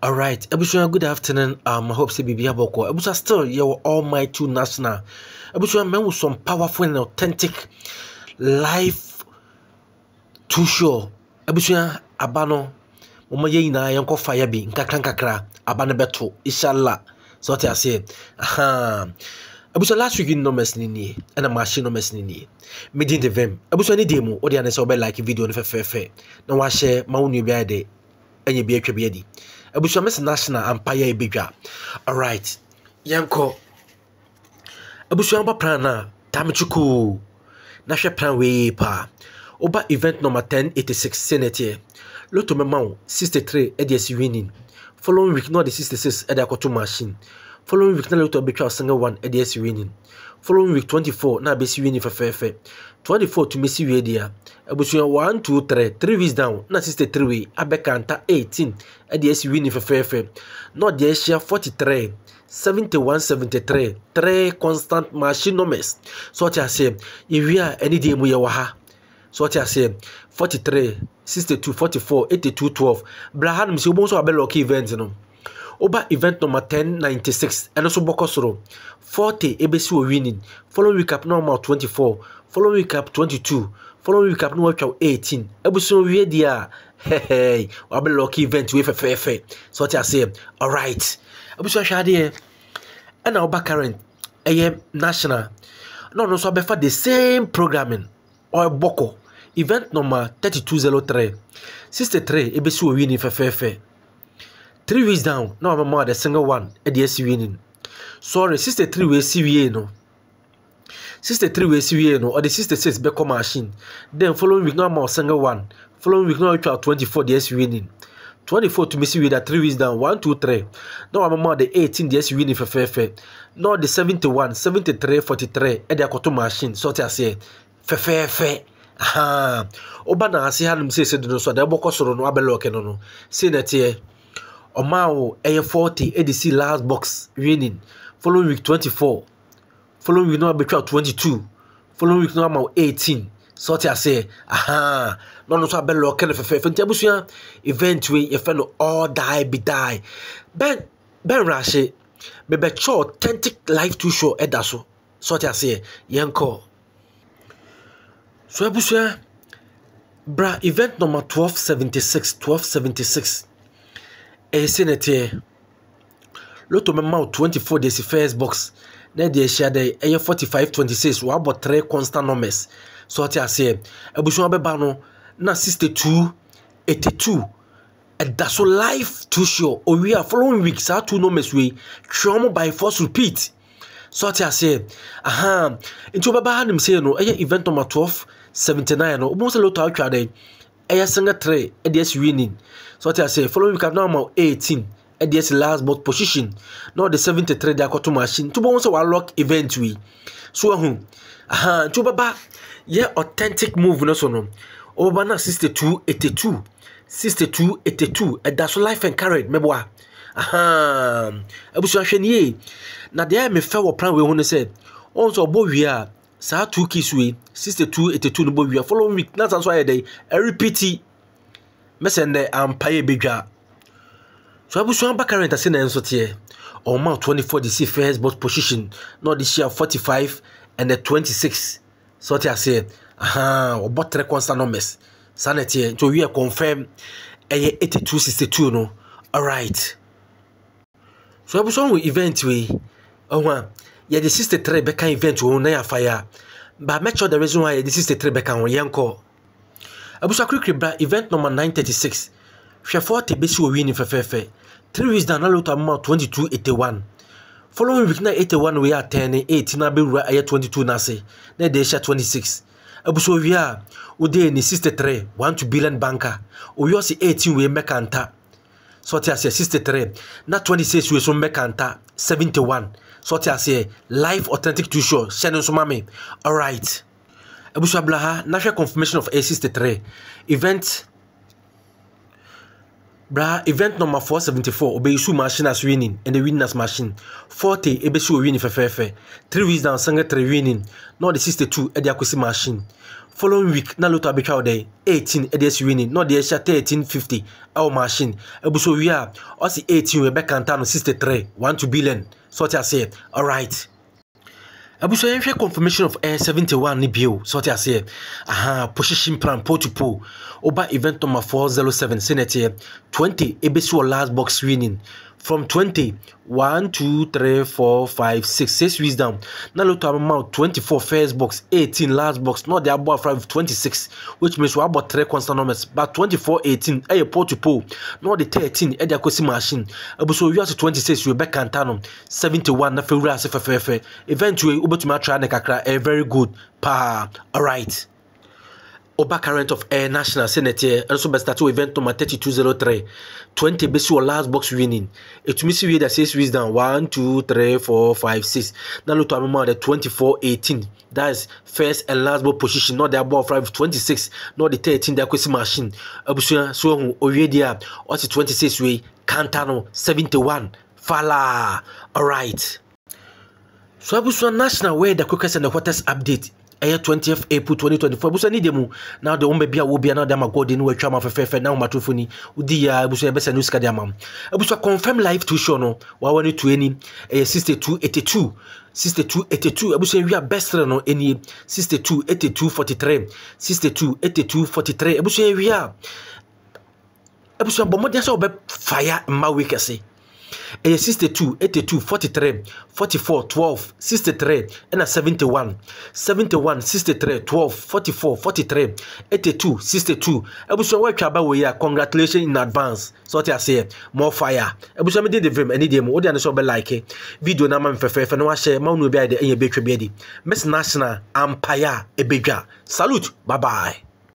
alright abusua good afternoon um, i hope say bibi abɔkɔ abusua still all my almighty national abusua with some powerful and authentic life too sure abusua aba no wɔn yɛ nyinaa yɛn kɔ fa bi nkakra nkakra aba no bɛto inshallah so ɔte aseɛ ahan last week numbers ni nie ɛna machine numbers ni nie midi de vɛm abusua ne deɛ mu ɔde anɛ sɛ ɔbɛ like video no fɛfɛɛfɛ na wahyɛ ma wo nua bi ayɛ de ɛnyɛ bi atwa bi adi abusua national ampa yɛ ebedwa alright yɛnkɔ abusua ba plan na tamitiko na hwɛ plan wei paa ɔba event number ten eighty six sɛnɛteɛ lotto mɛma wo sixty three ɛde asi winning following week na ɔde sixty six ɛde akɔto machine following week na lotɔ bɛtwa ɔsanga one ɛde asi wie ni following week twenty four na abɛsi wie ni fɛfɛɛfɛ twenty four tumi si wie deɛ abusua one two three three weeks down na sixty three wei abɛka nta eighteen ɛde asi wie ni fɛfɛɛfɛ na ɔde ahyia forty three. seventy one seventy three three constant machine numbers so ɔte aseɛ ewie a ɛne deɛ mu yɛ wɔ ha so ɔte aseɛ 43 62 44 82 12 bra hanom sɛ wobɛhu sɛ wabɛlɔke event no Oba event number six. ɛno nso bɔkɔ soro 40 ɛbɛsi wɔ winning following week up na twenty 24 following week up 22 following week up na wɔatwa 18 abusua wie deɛ a hehe wabɛ lucky event wei fɛfɛɛfɛ so ɔte aseɛ alright abusua hwɛ adeɛ ɛna woba current ɛyɛ national na ɔno nso abɛfa the same programming ɔbɔkɔ event number 3203 63 ɛbɛsi wɔ winning fɛfɛɛfɛ three weeks down na wɔn mmaa de single one e de asi wie nim sorry sixty three wei si wie no sixty three wei si wie no ɔde sixty six bɛkɔ machine then following week na wɔn mmaa single one following week na wɔn atwa twenty four de asi wie nim twenty four tumi si wie da three weeks down one two three na wɔn mmaa de eighteen de asi wie nim fɛfɛɛfɛ na ɔde seventy one seventy three forty three de e akɔto machine so ɔte aseɛ fɛfɛɛfɛ ɔba na ase hanom sɛ esi do no so a de ɛbɔkɔ soro no abɛlɛ ɔkɛ no no sei na ɛteɛ ɔmaa ɛyɛ forty ɛde si last box winning following week twenty four following week no abɛtwa twenty two following week no ama eighteen sɔɔte aseɛ ahan na ɔno nso abɛ lɔɔke no fɛfɛɛfɛ nti abusua event wei yɛfɛ no all die be die bɛn bɛn raahye bɛbɛkyɛ authentic life too show ɛda so sɔɔte aseɛ yɛn kɔ so abusua bra event number twelve seventy six twelve seventy six ɛyɛsi eh, na ɛteɛ loto mɛma wo twenty four de si first box na ɛde ɛhyia dɛ ɛyɛ forty five twenty six wabɔ three constant numbers so ɔte aseɛ abusua bɛba no na sixty two eighty two ɛda so live too sure owi a following week saa two numbers wei twɛn mo by force repeat so ɔte aseɛ ahan nti wɔbɛba ha nim sɛ no ɛyɛ event number twelve seventy nine no wɔn sɛ loto atwa dɛ ɛyɛ single three ɛde ɛsi winning so ɔte ase following week anam ma eighteen ɛde ɛsi last but position na ɔde seventy three de akɔto machine tubo wɔn sɛ lock event wi so ɛho ahan tí o yɛ authentic move no so no o bá ba na sixty two eighty two sixty two eighty two ɛda so life and carried mɛboa ahan abusua hwɛ nie na deɛ ɛyɛ mi fɛ wɔ plan wei ho ne sɛ ɔn sɛ ɔbɔ wie saa two keys wei sixty two eighty two no bɔ wia following week na san so ayɛ dɛ ɛrepiti mɛsɛn dɛ ampaeɛ bedwa so abusua bakari ntase na nso teɛ ɔma twenty four de si first box position na ɔde hyia forty five and twenty six sɛ ɔte aseɛ ahan ɔbɔ three constant numbers saa na teɛ nti owia confirm ɛyɛ eighty two sixty two no alright so abusua wɔ event wei ɔhwa yɛde 63 bɛka event wɔ ho na yɛafa yɛ a but make sure the reason why yɛde 63 bɛka ho yɛnkɔ abusuakurikiri bra event number 936 hwɛfoɔ te bɛsi wɔ wii ni fɛfɛɛfɛ three weeks down Twenty two amount one. following week na 81 wei atɛn ne 8 na bɛwura ɛyɛ 22 no ase na ɛde ɛhyɛ six. abusua wie a wode ne 63 1 to billion banker owiɔse eighteen wei mmɛka nta sɔte so aseɛ sixty three na twenty six wei so mmɛka nta seventy one sɔte so aseɛ live authentic too sure hyɛ ne nso ma me alright abusuabla ha na confirmation of a sixty event bra event number four seventy four obeyi su machine as winning and the winning as machine forty ebesi o winning fɛfɛɛfɛ three weeks down sanga three winning na ɔde sixty two ɛde akɔsi machine following week na loto abɛtwa wo dɛn 18 ɛde asi wei ni na ɔde ahyɛ fifty, ɛwɔ machine ɛbuso wie a ɔsi 18 ɛbɛkanta no three, one two billion so ɔte aseɛ alright abusu yɛnhwɛ confirmation of air seventy one ne bio sɛ aseɛ aha position plan pole to pole oba event number four zero seven sɛ nɛteɛ eh, twenty ebesi wɔ last box winning from twenty one two three four five six six weeks down naloto amamount twenty-four first box eighteen last box not the abo afra with twenty-six which means we have about three constant numbers but twenty-four eighteen ɛyɛ pole to pole not the thirteen ɛde akɔsi machine ebuso uh, you have twenty-six back and turn no seventy-one nafe wura ase fɛfɛɛfɛ event wei wobɛtumi atra ne kakra ɛyɛ eh, very good paa alright. Oba current of air national senate yɛ nso bɛ start event number thirty two zero three twenty bɛsi wɔ last box winning etumi si wie da six weeks down one two three four five six na lotto amema ɔde twenty four eighteen that is first and last box position Not ɔde abo five twenty six Not the thirteen de akɔsi machine abusua so ohun owie deɛ ɔsi twenty six wei kanta no seventy one falaa alright so abusua national wey the quickest and the hottest update ɛyɛ 20th april 2024 ebusa ne deɛ mu na de wɔn baabi a wɔ bia na de ama god no atwa ama fɛfɛɛfɛ na wɔn atofo ni wodi ya ebusa yɛ bɛsɛ no sika de ama mu ebusa confirm live tuition no wawa ne tue ni ɛyɛ 6282 6282 ebusa ewia bɛsrɛ no enie 628243 628243 ebusa ewia ebusa bɔ mmɔden sɛ wɔbɛ faya mma week ɛse ɛyɛ 62 82 43 44 12 63 ɛna 71 71 63 12 44 43 82 62 abusua wɔatwa aba wɔ yi a congratulation in advance sɛ ɔte aseɛ more fire abusua mede de vrem ɛne deɛ mu wode ane sɛ wobɛlike video na ama me fɛfɛɛfɛ na wahyɛ ma wo no bi ayɛ dɛ ɛyɛ bɛtwa bi adi miss national ampaya ɛbɛdwa salute bye bye